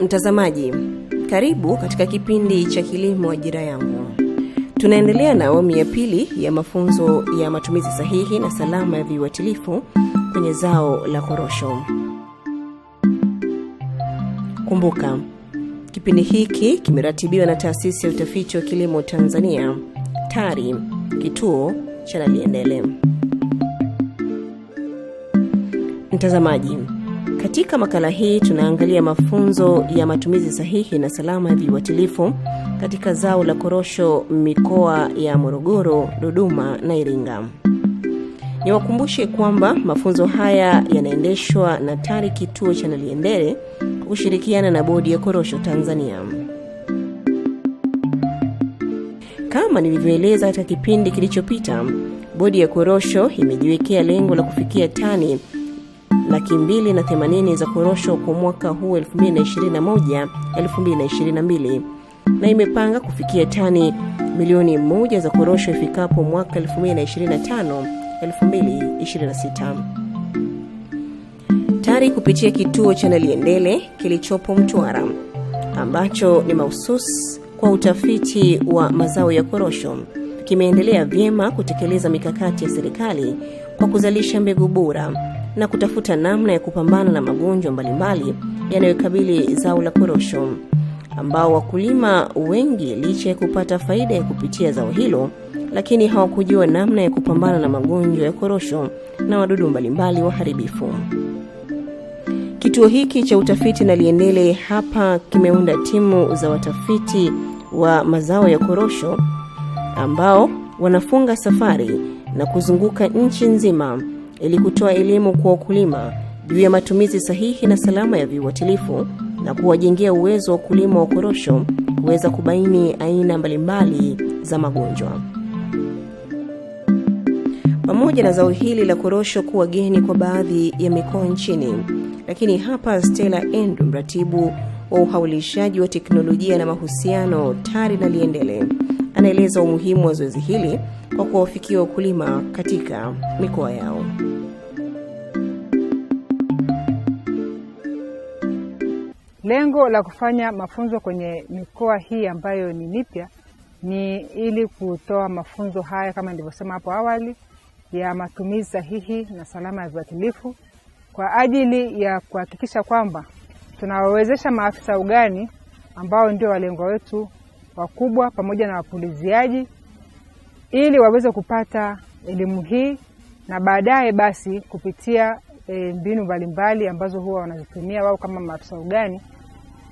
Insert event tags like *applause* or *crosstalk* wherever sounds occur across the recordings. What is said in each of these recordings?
Mtazamaji, karibu katika kipindi cha Kilimo Ajira Yangu. Tunaendelea na awamu ya pili ya mafunzo ya matumizi sahihi na salama ya viuatilifu kwenye zao la korosho. Kumbuka, kipindi hiki kimeratibiwa na Taasisi ya Utafiti wa Kilimo Tanzania, TARI, kituo cha Naliendele. Mtazamaji, katika makala hii tunaangalia mafunzo ya matumizi sahihi na salama ya viuatilifu katika zao la korosho mikoa ya Morogoro, Dodoma na Iringa. Niwakumbushe kwamba mafunzo haya yanaendeshwa na TARI kituo cha Naliendele kwa kushirikiana na bodi ya korosho Tanzania. Kama nilivyoeleza katika kipindi kilichopita, bodi ya korosho imejiwekea lengo la kufikia tani laki mbili na themanini za korosho kwa mwaka huu 2021 2022 na imepanga kufikia tani milioni moja za korosho ifikapo mwaka 2025 2026. TARI kupitia kituo cha Naliendele kilichopo Mtwara ambacho ni mahususi kwa utafiti wa mazao ya korosho kimeendelea vyema kutekeleza mikakati ya serikali kwa kuzalisha mbegu bora na kutafuta namna ya kupambana na magonjwa mbalimbali yanayokabili zao la korosho ambao wakulima wengi licha ya kupata faida ya kupitia zao hilo lakini hawakujua namna ya kupambana na magonjwa ya korosho na wadudu mbalimbali waharibifu. Kituo hiki cha utafiti na Liendele hapa kimeunda timu za watafiti wa mazao ya korosho ambao wanafunga safari na kuzunguka nchi nzima ili kutoa elimu kwa wakulima juu ya matumizi sahihi na salama ya viuatilifu na kuwajengea uwezo wa wakulima wa korosho kuweza kubaini aina mbalimbali za magonjwa pamoja na zao hili la korosho kuwa geni kwa baadhi ya mikoa nchini. Lakini hapa stela Endo, mratibu wa uhaulishaji wa teknolojia na mahusiano TARI na Liendele, anaeleza umuhimu wa zoezi hili kwa kuwafikia wakulima katika mikoa yao. Lengo la kufanya mafunzo kwenye mikoa hii ambayo ni mipya ni ili kutoa mafunzo haya kama nilivyosema hapo awali ya matumizi sahihi na salama ya viwatilifu kwa ajili ya kuhakikisha kwamba tunawawezesha maafisa ugani ambao ndio walengwa wetu wakubwa pamoja na wapuliziaji ili waweze kupata elimu hii na baadaye basi kupitia e, mbinu mbalimbali ambazo huwa wanazitumia wao kama maafisa ugani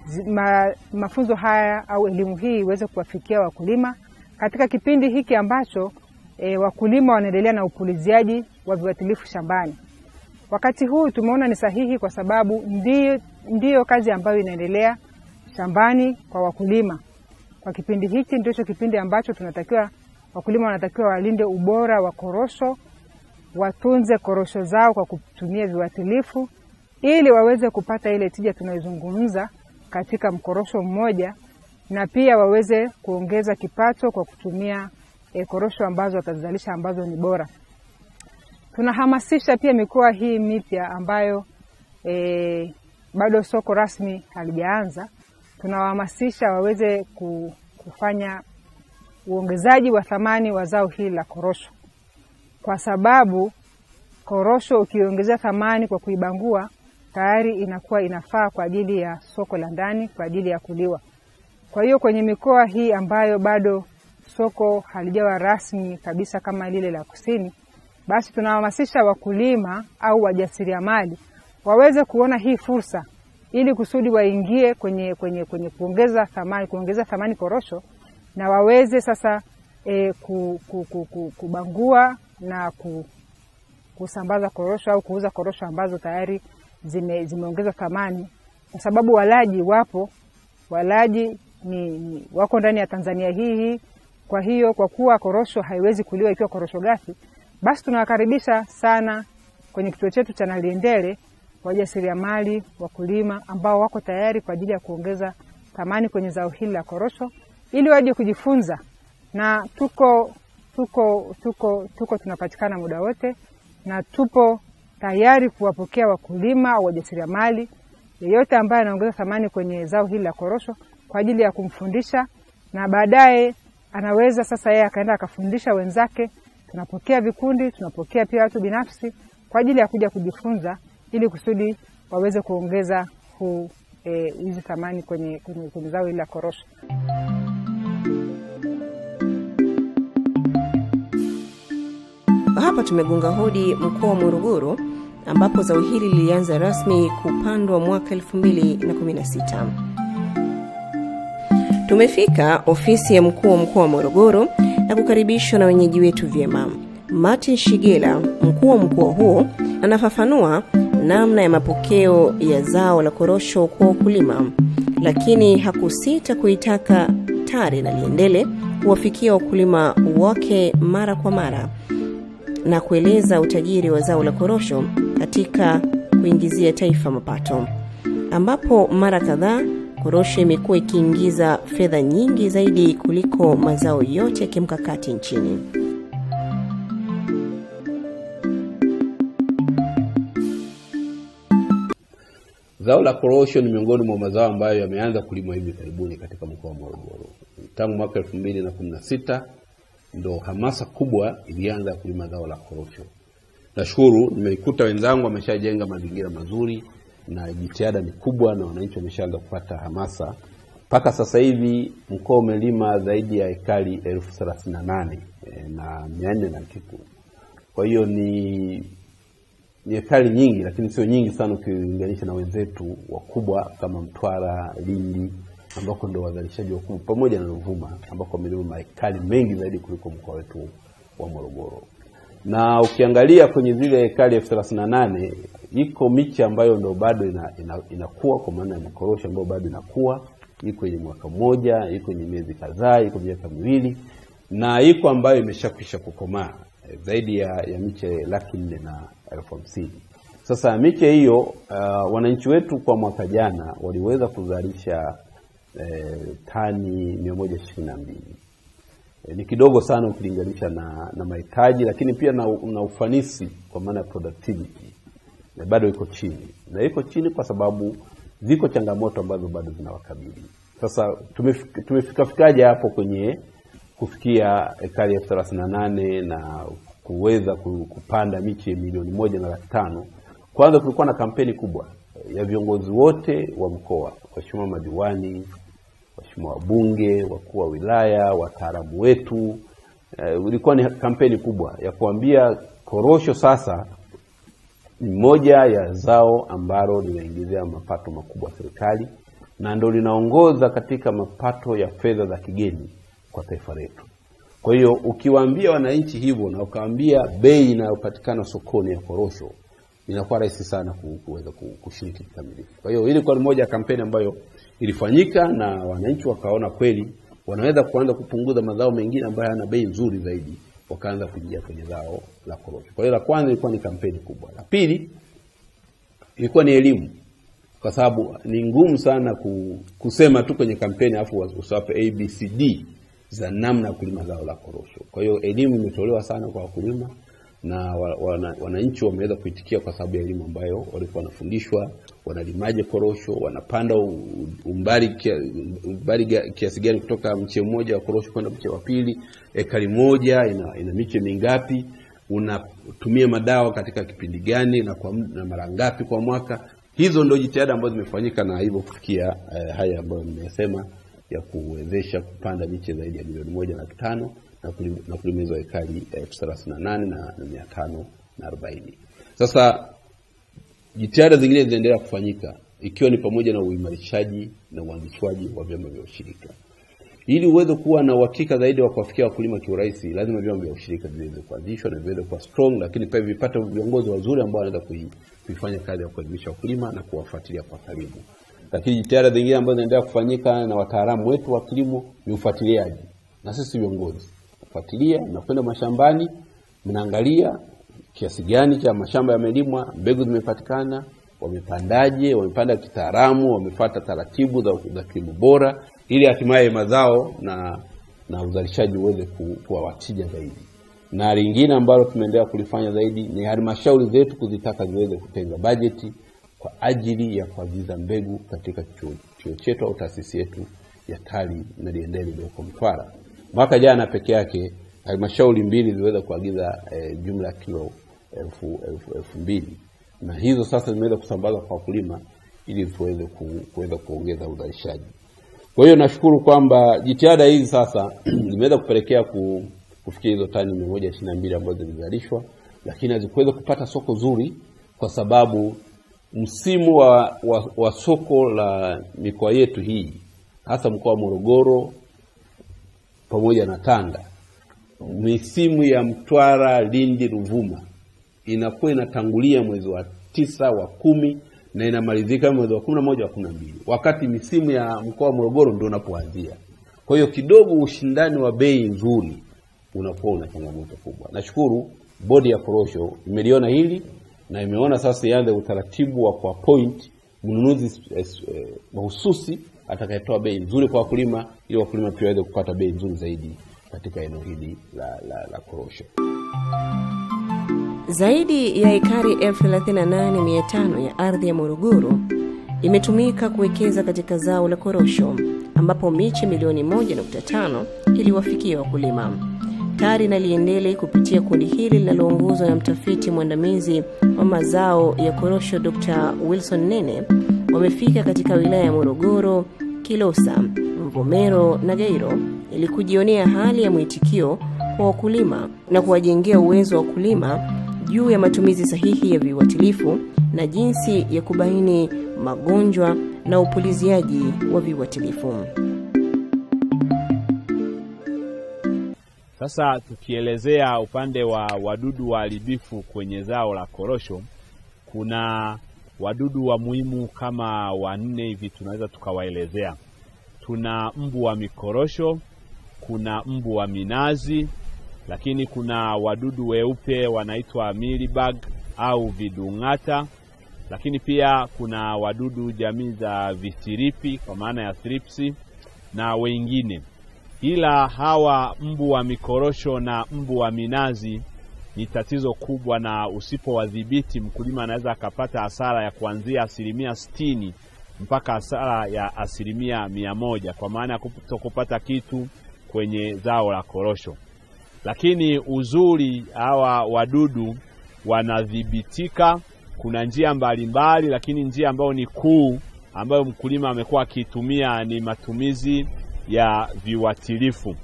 zi, ma, mafunzo haya au elimu hii iweze kuwafikia wakulima katika kipindi hiki ambacho e, wakulima wanaendelea na upuliziaji wa viwatilifu shambani. Wakati huu tumeona ni sahihi kwa sababu ndiyo, ndiyo kazi ambayo inaendelea shambani kwa wakulima kwa kipindi hiki Ndicho kipindi ambacho tunatakiwa wakulima wanatakiwa walinde ubora wa korosho, watunze korosho zao kwa kutumia viwatilifu ili waweze kupata ile tija tunayozungumza katika mkorosho mmoja, na pia waweze kuongeza kipato kwa kutumia e, korosho ambazo watazalisha ambazo ni bora. Tunahamasisha pia mikoa hii mipya ambayo e, bado soko rasmi halijaanza, tunawahamasisha waweze kufanya uongezaji wa thamani wa zao hili la korosho, kwa sababu korosho ukiongezea thamani kwa kuibangua tayari inakuwa inafaa kwa ajili ya soko la ndani, kwa ajili ya kuliwa. Kwa hiyo kwenye mikoa hii ambayo bado soko halijawa rasmi kabisa kama lile la kusini, basi tunahamasisha wakulima au wajasiriamali waweze kuona hii fursa ili kusudi waingie kwenye, kwenye, kwenye kuongeza thamani, kuongeza thamani korosho na waweze sasa e, ku, ku, ku, ku, kubangua na ku, kusambaza korosho au kuuza korosho ambazo tayari zime, zimeongeza thamani, kwa sababu walaji wapo, walaji ni, ni wako ndani ya Tanzania hii hii kwa hiyo kwa kuwa korosho haiwezi kuliwa ikiwa korosho gafi basi tunawakaribisha sana kwenye kituo chetu cha Naliendele wajasiriamali, wakulima ambao wako tayari kwa ajili ya kuongeza thamani kwenye zao hili la korosho ili waje kujifunza, na tuko tuko tuko tuko tunapatikana muda wote na tupo tayari kuwapokea wakulima au wajasiriamali yeyote ambaye anaongeza thamani kwenye zao hili la korosho kwa ajili ya kumfundisha na baadaye anaweza sasa yeye akaenda akafundisha wenzake. Tunapokea vikundi, tunapokea pia watu binafsi kwa ajili ya kuja kujifunza ili kusudi waweze kuongeza huu e, hizi e, thamani kwenye, kwenye, kwenye zao hili la korosho. Hapa tumegonga hodi mkoa wa Morogoro ambapo zao hili lilianza rasmi kupandwa mwaka 2016. Tumefika ofisi ya mkuu wa mkoa wa Morogoro na kukaribishwa na wenyeji wetu vyema. Martin Shigela, mkuu wa mkoa huo, anafafanua namna ya mapokeo ya zao la korosho kwa wakulima, lakini hakusita kuitaka tare na Liendele kuwafikia wakulima wake mara kwa mara na kueleza utajiri wa zao la korosho katika kuingizia taifa mapato, ambapo mara kadhaa Korosho imekuwa ikiingiza fedha nyingi zaidi kuliko mazao yote ya kimkakati nchini. Zao la korosho ni miongoni mwa mazao ambayo yameanza kulimwa hivi karibuni katika mkoa wa Morogoro. Tangu mwaka elfu mbili na kumi na sita ndo hamasa kubwa ilianza kulima zao la korosho. Nashukuru nimeikuta wenzangu wameshajenga mazingira mazuri na jitihada ni kubwa, na wananchi wameshaanza kupata hamasa. Mpaka sasa hivi mkoa umelima zaidi ya ekari elfu thelathini na nane e, na mia nne na kitu. Kwa hiyo ni, ni ekari nyingi, lakini sio nyingi sana ukilinganisha na wenzetu wakubwa kama Mtwara, Lindi ambako ndo wazalishaji wakubwa pamoja na Ruvuma ambako wamelima maekari mengi zaidi kuliko mkoa wetu wa Morogoro. Na ukiangalia kwenye zile ekari elfu thelathini na nane iko miche ambayo ndo bado ina, ina, inakuwa kwa maana ya mikorosho ambayo bado inakuwa, iko yenye mwaka mmoja, iko yenye miezi kadhaa, iko miaka miwili na iko ambayo imeshakwisha kukomaa eh, zaidi ya, ya miche laki nne na elfu hamsini. Sasa miche hiyo uh, wananchi wetu kwa mwaka jana waliweza kuzalisha eh, tani mia moja ishirini na mbili eh, ni kidogo sana ukilinganisha na, na mahitaji lakini pia na, na ufanisi kwa maana ya productivity na bado iko chini, na iko chini kwa sababu ziko changamoto ambazo bado zinawakabili. Sasa tumefika, tumefika fikaje hapo kwenye kufikia ekari elfu thelathini na nane na kuweza kupanda miche milioni moja na laki tano. Kwanza kulikuwa na kampeni kubwa eh, ya viongozi wote wa mkoa, waheshimiwa madiwani, waheshimiwa wabunge, wakuu wa wilaya, wataalamu wetu. Uh, eh, ilikuwa ni kampeni kubwa ya kuambia korosho sasa ni moja ya zao ambalo linaingizia mapato makubwa serikali na ndio linaongoza katika mapato ya fedha za kigeni kwa taifa letu. Kwa hiyo ukiwaambia wananchi hivyo na ukawaambia bei inayopatikana sokoni ya korosho inakuwa rahisi sana kuweza kushiriki kikamilifu. Kwa hiyo ilikuwa ni moja ya kampeni ambayo ilifanyika na wananchi wakaona kweli wanaweza kuanza kupunguza mazao mengine ambayo yana bei nzuri zaidi wakaanza kuingia kwenye zao la korosho. Kwa hiyo la kwanza ilikuwa ni kampeni kubwa. La pili ilikuwa ni elimu, kwa sababu ni ngumu sana kusema tu kwenye kampeni afu usiwape ABCD za namna ya kulima zao la korosho. Kwa hiyo elimu imetolewa sana kwa wakulima na wananchi wana wameweza kuitikia kwa sababu ya elimu ambayo walikuwa wanafundishwa. Wanalimaje korosho? Wanapanda umbali, umbali kiasi gani kutoka mche mmoja wa korosho kwenda mche wa pili? Ekari moja ina, ina miche mingapi? Unatumia madawa katika kipindi gani na, kwa, na mara ngapi kwa mwaka? Hizo ndio jitihada ambazo zimefanyika na hivyo kufikia eh, haya ambayo nimesema ya kuwezesha kupanda miche zaidi ya milioni moja laki tano na kulimizwa ekari elfu thelathini na nane na mia tano na arobaini. Sasa jitihada zingine zinaendelea kufanyika ikiwa ni pamoja na uimarishaji na uanzishwaji wa vyama vya ushirika. Ili uweze kuwa na uhakika zaidi wa kuwafikia wakulima kiurahisi, lazima vyama vya ushirika viweze kuanzishwa na viweze kuwa strong, lakini pia vipate viongozi wazuri ambao wanaweza kuifanya kazi ya kuelimisha wakulima na kuwafuatilia kwa karibu. Lakini jitihada zingine ambazo zinaendelea kufanyika na wataalamu wetu wa kilimo ni ufuatiliaji na sisi viongozi mnafuatilia, mnakwenda mashambani, mnaangalia kiasi gani cha mashamba yamelimwa, mbegu zimepatikana, wamepandaje, wamepanda kitaalamu, wamefuata taratibu za, za kilimo bora, ili hatimaye mazao na na uzalishaji uweze kuwa watija zaidi. Na lingine ambalo tumeendelea kulifanya zaidi ni halmashauri zetu kuzitaka ziweze kutenga bajeti kwa ajili ya kuagiza mbegu katika chuo chetu au taasisi yetu ya TARI Naliendele iliyoko Mtwara. Mwaka jana peke yake halmashauri mbili ziliweza kuagiza e, jumla ya kilo elfu, elfu, elfu mbili na hizo sasa zimeweza kusambaza kwa wakulima ili tuweze kuweza kuongeza uzalishaji. Kwa hiyo nashukuru kwamba jitihada hizi sasa *clears throat* zimeweza kupelekea ku, kufikia hizo tani mia moja ishirini na mbili ambazo zilizalishwa, lakini hazikuweza kupata soko zuri kwa sababu msimu wa, wa, wa soko la mikoa yetu hii hasa mkoa wa Morogoro pamoja na Tanga, misimu ya Mtwara, Lindi, Ruvuma inakuwa inatangulia mwezi wa tisa wa kumi na inamalizika mwezi wa kumi na moja wa kumi na mbili wakati misimu ya mkoa wa Morogoro ndio unapoanzia. Kwa hiyo kidogo ushindani wa bei nzuri unakuwa una changamoto kubwa. Nashukuru bodi ya korosho imeliona hili na imeona sasa ianze utaratibu wa kwa point mnunuzi mahususi eh, eh, atakayetoa bei nzuri kwa wakulima ili wakulima pia waweze kupata bei nzuri zaidi katika eneo hili la, la, la korosho. Zaidi ya ekari 38,500 ya ardhi ya Morogoro imetumika kuwekeza katika zao la korosho ambapo miche milioni 1.5 iliwafikia wakulima. TARI na Liendele kupitia kundi hili linaloongozwa na mtafiti mwandamizi wa mazao ya korosho Dr. Wilson Nene wamefika katika wilaya ya Morogoro, Kilosa, Mvomero na Gairo ili kujionea hali ya mwitikio kwa wakulima na kuwajengea uwezo wa wakulima juu ya matumizi sahihi ya viuatilifu na jinsi ya kubaini magonjwa na upuliziaji wa viuatilifu. Sasa tukielezea upande wa wadudu waharibifu kwenye zao la korosho, kuna Wadudu wa muhimu kama wanne hivi tunaweza tukawaelezea. Tuna mbu wa mikorosho, kuna mbu wa minazi, lakini kuna wadudu weupe wanaitwa milibag au vidung'ata, lakini pia kuna wadudu jamii za visiripi kwa maana ya thripsi na wengine, ila hawa mbu wa mikorosho na mbu wa minazi ni tatizo kubwa, na usipowadhibiti mkulima anaweza akapata hasara ya kuanzia asilimia sitini mpaka hasara ya asilimia mia moja kwa maana ya kutokupata kitu kwenye zao la korosho. Lakini uzuri hawa wadudu wanadhibitika, kuna njia mbalimbali mbali, lakini njia ambayo ni kuu ambayo mkulima amekuwa akiitumia ni matumizi ya viuatilifu.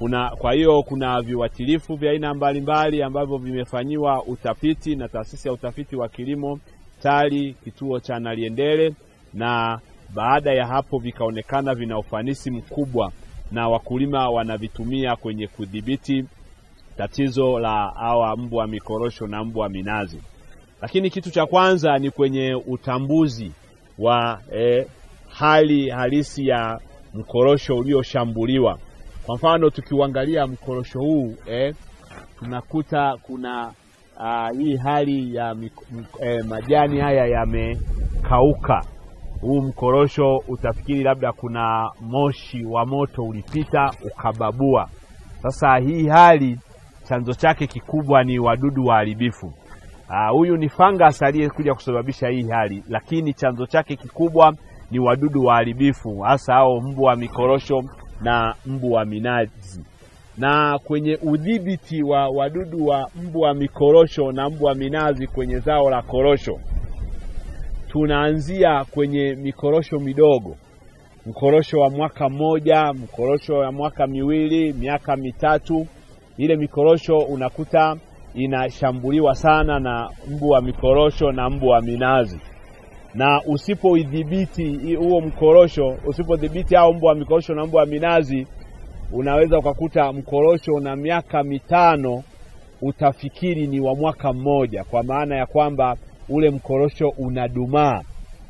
Kuna, kwa hiyo kuna viuatilifu vya aina mbalimbali ambavyo vimefanyiwa utafiti na taasisi ya utafiti wa kilimo TARI kituo cha Naliendele, na baada ya hapo vikaonekana vina ufanisi mkubwa na wakulima wanavitumia kwenye kudhibiti tatizo la hawa mbwa mikorosho na mbwa minazi. Lakini kitu cha kwanza ni kwenye utambuzi wa eh, hali halisi ya mkorosho ulioshambuliwa. Kwa mfano tukiuangalia mkorosho huu eh, tunakuta kuna uh, hii hali ya eh, majani haya yamekauka. Huu mkorosho utafikiri labda kuna moshi wa moto ulipita ukababua. Sasa hii hali chanzo chake kikubwa ni wadudu waharibifu. Ah, huyu ni fungus aliyekuja kusababisha hii hali, lakini chanzo chake kikubwa ni wadudu waharibifu, hasa hao mbu wa mikorosho na mbu wa minazi. Na kwenye udhibiti wa wadudu wa mbu wa mikorosho na mbu wa minazi kwenye zao la korosho, tunaanzia kwenye mikorosho midogo, mkorosho wa mwaka mmoja, mkorosho wa mwaka miwili, miaka mitatu. Ile mikorosho unakuta inashambuliwa sana na mbu wa mikorosho na mbu wa minazi na usipoidhibiti huo mkorosho, usipodhibiti hao mbu wa mikorosho na mbwa wa minazi, unaweza ukakuta mkorosho una miaka mitano utafikiri ni wa mwaka mmoja, kwa maana ya kwamba ule mkorosho unadumaa,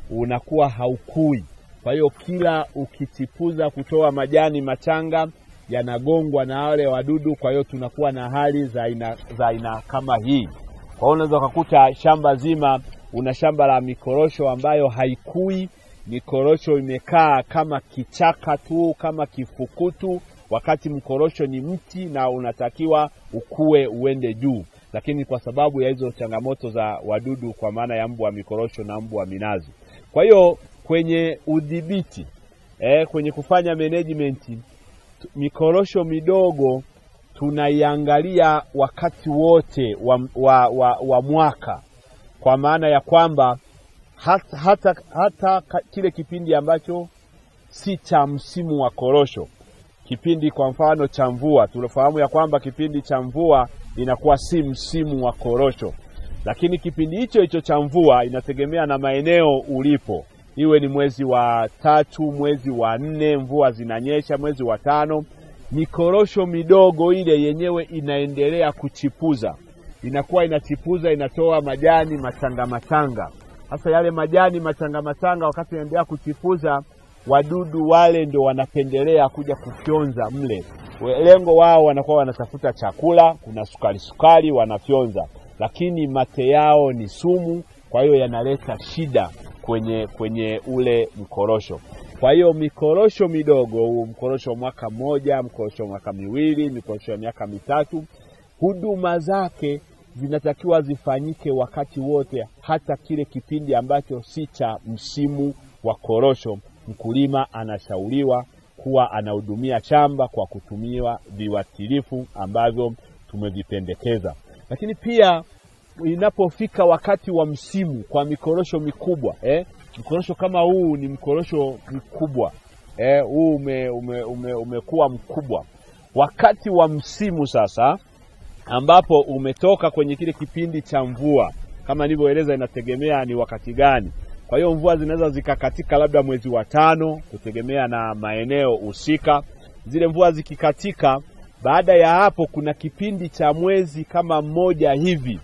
unakuwa haukui. Kwa hiyo kila ukitipuza kutoa majani machanga yanagongwa na wale wadudu, kwa hiyo tunakuwa na hali za aina za aina kama hii. Kwa hiyo unaweza ukakuta shamba zima una shamba la mikorosho ambayo haikui, mikorosho imekaa kama kichaka tu, kama kifukutu, wakati mkorosho ni mti na unatakiwa ukue uende juu, lakini kwa sababu ya hizo changamoto za wadudu, kwa maana ya mbu wa mikorosho na mbu wa minazi. Kwa hiyo kwenye udhibiti eh, kwenye kufanya management mikorosho midogo tunaiangalia wakati wote wa, wa, wa, wa mwaka kwa maana ya kwamba hata, hata, hata kile kipindi ambacho si cha msimu wa korosho, kipindi kwa mfano cha mvua, tunafahamu ya kwamba kipindi cha mvua inakuwa si msimu wa korosho, lakini kipindi hicho hicho cha mvua inategemea na maeneo ulipo, iwe ni mwezi wa tatu, mwezi wa nne, mvua zinanyesha, mwezi wa tano, mikorosho midogo ile yenyewe inaendelea kuchipuza inakuwa inachipuza, inatoa majani machanga machanga. Sasa yale majani machanga machanga, wakati inaendelea kuchipuza, wadudu wale ndio wanapendelea kuja kufyonza mle. Lengo wao wanakuwa wanatafuta chakula, kuna sukari sukari wanafyonza, lakini mate yao ni sumu, kwa hiyo yanaleta shida kwenye, kwenye ule mkorosho. Kwa hiyo mikorosho midogo huu mkorosho wa mwaka mmoja, mkorosho wa mwaka miwili, mikorosho ya miaka mitatu, huduma zake zinatakiwa zifanyike wakati wote, hata kile kipindi ambacho si cha msimu wa korosho. Mkulima anashauriwa kuwa anahudumia shamba kwa kutumia viwatilifu ambavyo tumevipendekeza, lakini pia inapofika wakati wa msimu kwa mikorosho mikubwa eh, mkorosho kama huu ni mkorosho mkubwa eh, huu ume, ume, ume, umekuwa mkubwa wakati wa msimu sasa ambapo umetoka kwenye kile kipindi cha mvua. Kama nilivyoeleza, inategemea ni wakati gani. Kwa hiyo mvua zinaweza zikakatika labda mwezi wa tano, kutegemea na maeneo husika. Zile mvua zikikatika, baada ya hapo kuna kipindi cha mwezi kama mmoja hivi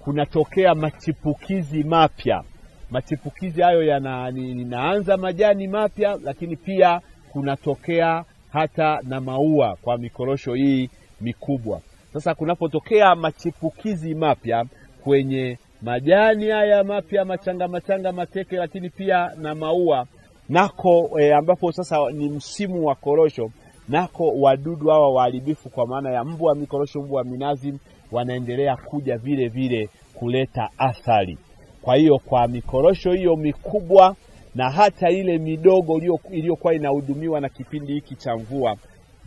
kunatokea machipukizi mapya. Machipukizi hayo yanaanza majani mapya, lakini pia kunatokea hata na maua kwa mikorosho hii mikubwa. Sasa kunapotokea machipukizi mapya kwenye majani haya mapya machanga machanga mateke, lakini pia na maua nako e, ambapo sasa ni msimu wa korosho, nako wadudu hawa waharibifu kwa maana ya mbwa mikorosho, mbu wa minazi wanaendelea kuja vile vile kuleta athari. Kwa hiyo kwa mikorosho hiyo mikubwa na hata ile midogo iliyokuwa inahudumiwa na kipindi hiki cha mvua,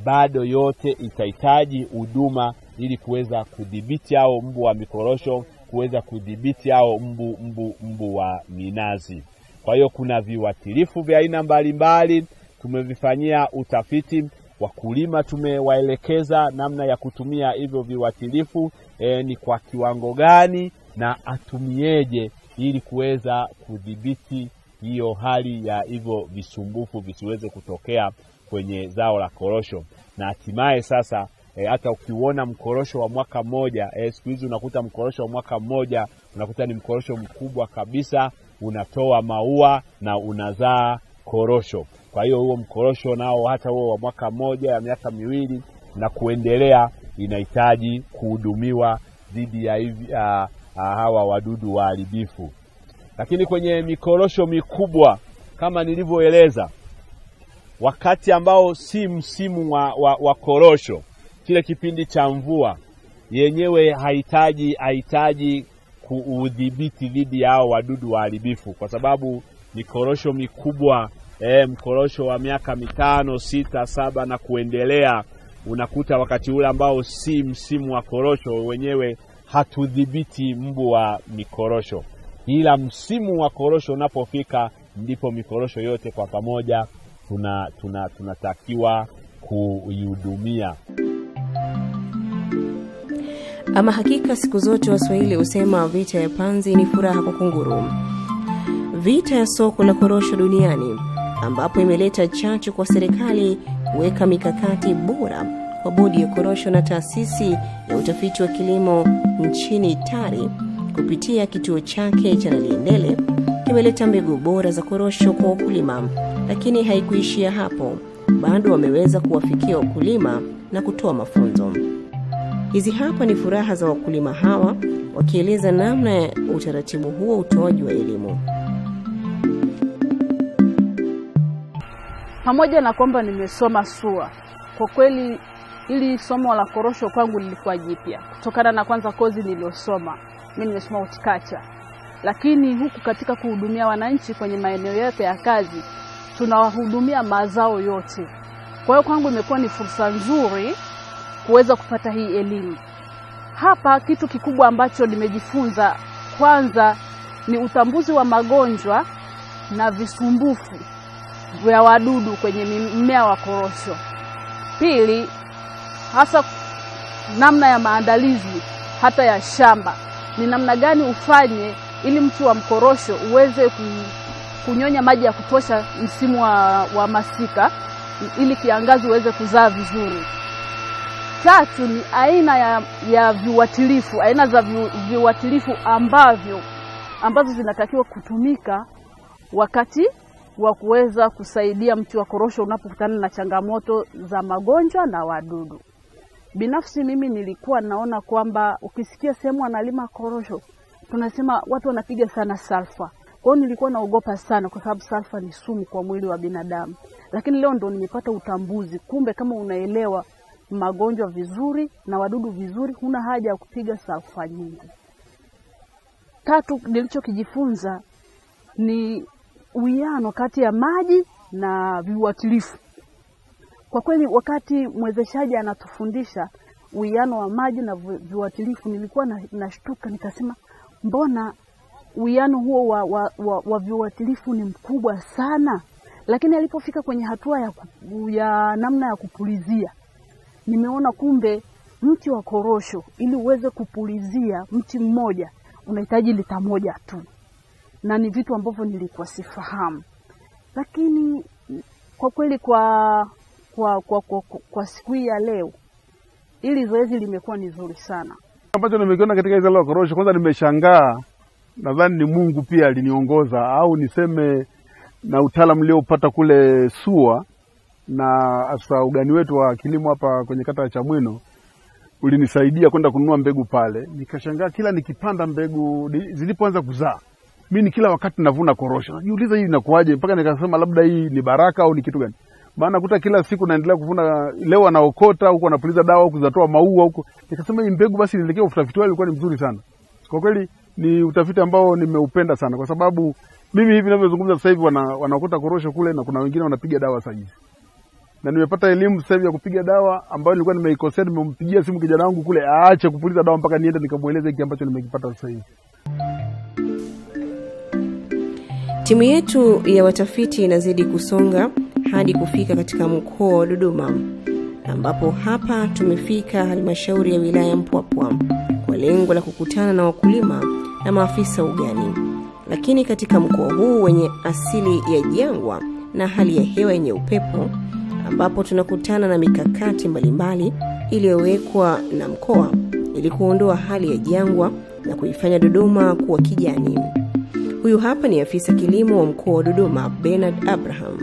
bado yote itahitaji huduma ili kuweza kudhibiti hao mbu wa mikorosho, kuweza kudhibiti hao mbu, mbu, mbu wa minazi. Kwa hiyo kuna viuatilifu vya aina mbalimbali tumevifanyia utafiti. Wakulima tumewaelekeza namna ya kutumia hivyo viuatilifu e, ni kwa kiwango gani na atumieje ili kuweza kudhibiti hiyo hali ya hivyo visumbufu visiweze kutokea kwenye zao la korosho, na hatimaye sasa Eh, hata ukiuona mkorosho wa mwaka mmoja e, siku hizi unakuta mkorosho wa mwaka mmoja unakuta ni mkorosho mkubwa kabisa, unatoa maua na unazaa korosho. Kwa hiyo huo mkorosho nao hata huo wa mwaka mmoja ya miaka miwili na kuendelea inahitaji kuhudumiwa dhidi ya hivi ah, ah, hawa wadudu waharibifu. Lakini kwenye mikorosho mikubwa kama nilivyoeleza, wakati ambao si msimu wa, wa, wa korosho kile kipindi cha mvua yenyewe hahitaji hahitaji kuudhibiti dhidi ya wadudu waharibifu, kwa sababu mikorosho mikubwa e, mkorosho wa miaka mitano sita saba na kuendelea, unakuta wakati ule ambao si msimu wa korosho wenyewe hatudhibiti mbu wa mikorosho, ila msimu wa korosho unapofika ndipo mikorosho yote kwa pamoja tunatakiwa tuna, tuna kuihudumia. Ama hakika siku zote Waswahili husema vita ya panzi ni furaha kwa kunguru. Vita ya soko la korosho duniani ambapo imeleta chachu kwa serikali kuweka mikakati bora kwa bodi ya korosho na taasisi ya utafiti wa kilimo nchini TARI kupitia kituo chake cha Naliendele kimeleta mbegu bora za korosho kwa wakulima, lakini haikuishia hapo, bado wameweza kuwafikia wakulima na kutoa mafunzo. Hizi hapa ni furaha za wakulima hawa wakieleza namna ya utaratibu huo utoaji wa elimu. Pamoja na kwamba nimesoma SUA, kwa kweli ili somo la korosho kwangu lilikuwa jipya kutokana na kwanza kozi niliyosoma mimi, nimesoma utikacha lakini huku katika kuhudumia wananchi kwenye maeneo yote ya kazi tunawahudumia mazao yote kwa hiyo kwangu imekuwa ni fursa nzuri kuweza kupata hii elimu hapa. Kitu kikubwa ambacho nimejifunza kwanza ni utambuzi wa magonjwa na visumbufu vya wadudu kwenye mmea wa korosho. Pili, hasa namna ya maandalizi hata ya shamba, ni namna gani ufanye ili mti wa mkorosho uweze kunyonya maji ya kutosha msimu wa, wa masika ili kiangazi uweze kuzaa vizuri. Tatu ni aina ya, ya viuatilifu, aina za vi, viuatilifu ambavyo ambazo zinatakiwa kutumika wakati wa kuweza kusaidia mti wa korosho unapokutana na changamoto za magonjwa na wadudu. Binafsi mimi nilikuwa naona kwamba ukisikia sehemu analima korosho, tunasema watu wanapiga sana salfa. Kwa hiyo nilikuwa naogopa sana, kwa sababu salfa ni sumu kwa mwili wa binadamu lakini leo ndo nimepata utambuzi. Kumbe kama unaelewa magonjwa vizuri na wadudu vizuri, huna haja ya kupiga safa nyingi. Tatu nilichokijifunza ni uwiano kati ya maji na viuatilifu. Kwa kweli, wakati mwezeshaji anatufundisha uwiano wa maji na viuatilifu, nilikuwa nashtuka, nikasema mbona uwiano huo wa, wa, wa, wa viuatilifu ni mkubwa sana? Lakini alipofika kwenye hatua ya, kupu, ya namna ya kupulizia, nimeona kumbe mti wa korosho ili uweze kupulizia mti mmoja unahitaji lita moja tu, na ni vitu ambavyo nilikuwa sifahamu, lakini kwa kweli kwa kwa, kwa, kwa, kwa, kwa siku hii ya leo ili zoezi limekuwa ni zuri sana. Ambacho nimekiona katika hizo la korosho, kwanza nimeshangaa, nadhani ni Mungu pia aliniongoza au niseme na utaalamu uliopata kule SUA na afisa ugani wetu wa kilimo hapa kwenye kata ya Chamwino ulinisaidia kwenda kununua mbegu pale. Nikashangaa kila nikipanda mbegu zilipoanza kuzaa, mimi ni kila wakati navuna korosho. Najiuliza hii inakuaje, mpaka nikasema labda hii ni baraka au ni kitu gani? Maana kuta kila siku naendelea kuvuna, leo anaokota huko, anapuliza dawa huko, zinatoa maua huko. Nikasema hii mbegu basi nilekea, utafiti wao ulikuwa ni mzuri sana kwa kweli. Ni utafiti ambao nimeupenda sana kwa sababu mimi hivi ninavyozungumza sasa hivi wana, wanaokota korosho kule na kuna wengine wanapiga dawa sasa hivi, na nimepata elimu sasa hivi ya kupiga dawa ambayo nilikuwa nimeikosea. Nimempigia simu kijana wangu kule aache kupuliza dawa mpaka niende nikamweleza hiki ambacho nimekipata sasa hivi. Timu yetu ya watafiti inazidi kusonga hadi kufika katika mkoa wa Dodoma, ambapo hapa tumefika halmashauri ya wilaya Mpwapwa kwa lengo la kukutana na wakulima na maafisa ugani lakini katika mkoa huu wenye asili ya jangwa na hali ya hewa yenye upepo, ambapo tunakutana na mikakati mbalimbali iliyowekwa na mkoa ili kuondoa hali ya jangwa na kuifanya Dodoma kuwa kijani. Huyu hapa ni afisa kilimo wa mkoa wa Dodoma, Bernard Abraham,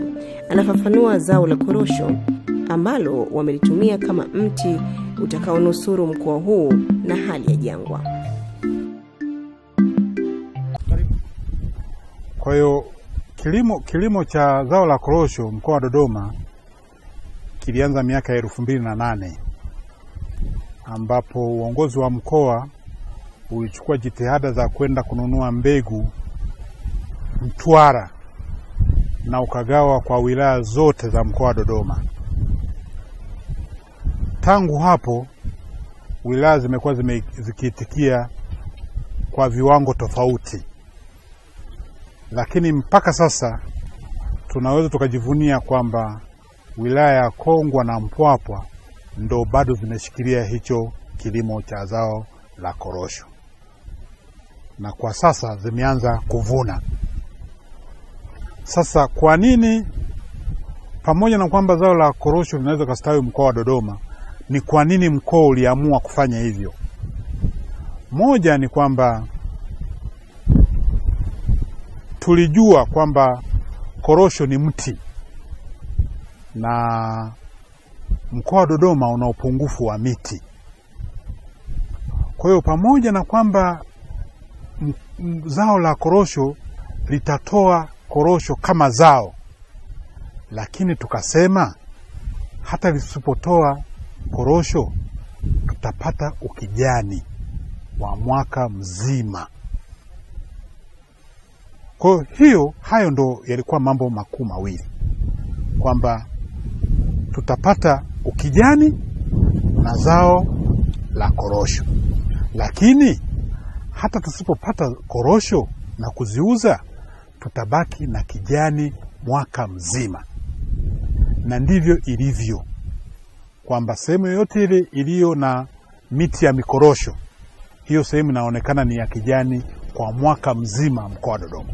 anafafanua zao la korosho ambalo wamelitumia kama mti utakaonusuru mkoa huu na hali ya jangwa. Kwa hiyo kilimo, kilimo cha zao la korosho mkoa wa Dodoma kilianza miaka ya elfu mbili na nane ambapo uongozi wa mkoa ulichukua jitihada za kwenda kununua mbegu Mtwara na ukagawa kwa wilaya zote za mkoa wa Dodoma. Tangu hapo wilaya zimekuwa zikiitikia kwa viwango tofauti lakini mpaka sasa tunaweza tukajivunia kwamba wilaya ya Kongwa na Mpwapwa ndo bado zimeshikilia hicho kilimo cha zao la korosho, na kwa sasa zimeanza kuvuna. Sasa kwa nini, pamoja na kwamba zao la korosho linaweza kustawi mkoa wa Dodoma, ni kwa nini mkoa uliamua kufanya hivyo? Moja ni kwamba tulijua kwamba korosho ni mti na mkoa wa Dodoma una upungufu wa miti. Kwa hiyo pamoja na kwamba zao la korosho litatoa korosho kama zao, lakini tukasema hata lisipotoa korosho tutapata ukijani wa mwaka mzima. Kwa hiyo hayo ndo yalikuwa mambo makuu mawili, kwamba tutapata ukijani na zao la korosho, lakini hata tusipopata korosho na kuziuza tutabaki na kijani mwaka mzima. Na ndivyo ilivyo, kwamba sehemu yoyote ile iliyo na miti ya mikorosho, hiyo sehemu inaonekana ni ya kijani kwa mwaka mzima mkoa wa Dodoma.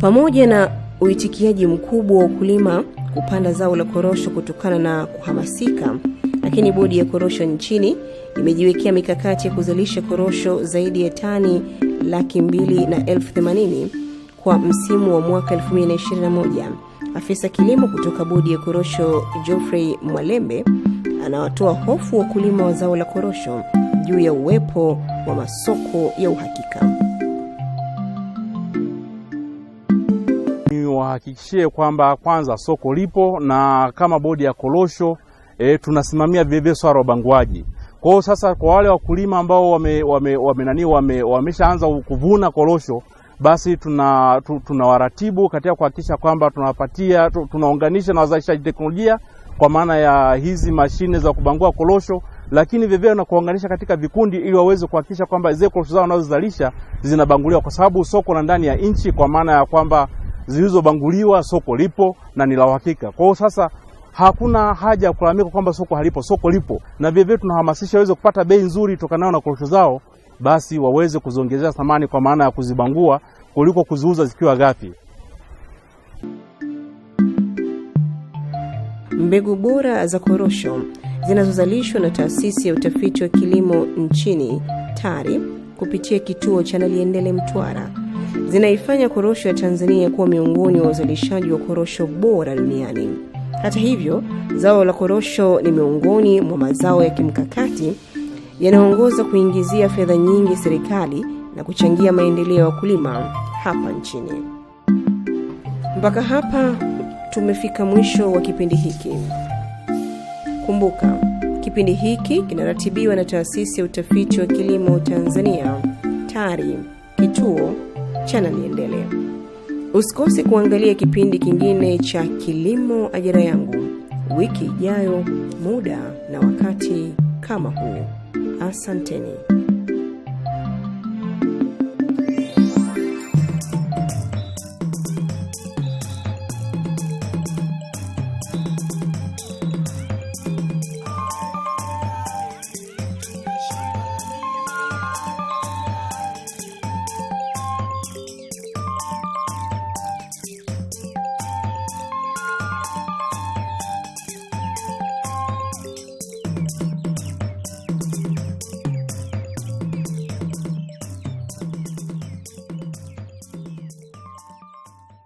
Pamoja na uitikiaji mkubwa wa wakulima kupanda zao la korosho kutokana na kuhamasika, lakini bodi ya korosho nchini imejiwekea mikakati ya kuzalisha korosho zaidi ya tani laki mbili na elfu themanini kwa msimu wa mwaka 221 Afisa kilimo kutoka bodi ya korosho Geoffrey Mwalembe anawatoa hofu wakulima wa zao la korosho juu ya uwepo wa masoko ya uhakika. Niwahakikishie kwamba kwanza soko lipo na kama bodi ya korosho e, tunasimamia vilevile swala la ubanguaji. Kwa hiyo sasa, kwa wale wakulima ambao wame, wame, wame, nani wame, wameshaanza kuvuna korosho basi tuna tunawaratibu tuna katika kuhakikisha kwamba tunawapatia tunaunganisha na wazalishaji teknolojia kwa maana ya hizi mashine za kubangua korosho lakini vivyo na kuunganisha katika vikundi ili waweze kuhakikisha kwamba zile korosho zao wanazozalisha zinabanguliwa, kwa sababu soko la ndani ya nchi, kwa maana ya kwamba zilizobanguliwa soko lipo na ni la uhakika. Kwa hiyo sasa hakuna haja ya kulalamika kwamba soko halipo, soko lipo, na vilevile tunahamasisha waweze kupata bei nzuri tokanayo na korosho zao, basi waweze kuziongezea thamani kwa maana ya kuzibangua kuliko kuziuza zikiwa ghafi. Mbegu bora za korosho zinazozalishwa na taasisi ya utafiti wa kilimo nchini TARI kupitia kituo cha Naliendele Mtwara zinaifanya korosho ya Tanzania kuwa miongoni wa uzalishaji wa korosho bora duniani. Hata hivyo, zao la korosho ni miongoni mwa mazao ya kimkakati yanayoongoza kuingizia fedha nyingi serikali na kuchangia maendeleo ya wakulima hapa nchini. Mpaka hapa tumefika mwisho wa kipindi hiki. Kumbuka, kipindi hiki kinaratibiwa na Taasisi ya Utafiti wa Kilimo Tanzania, TARI, kituo cha Naliendele. Usikose kuangalia kipindi kingine cha Kilimo Ajira Yangu wiki ijayo, muda na wakati kama huu. Asanteni.